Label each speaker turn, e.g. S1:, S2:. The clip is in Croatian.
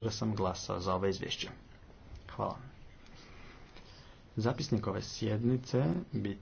S1: da sam glasao za ove izvješće. Hvala. Zapisnik ove sjednice bit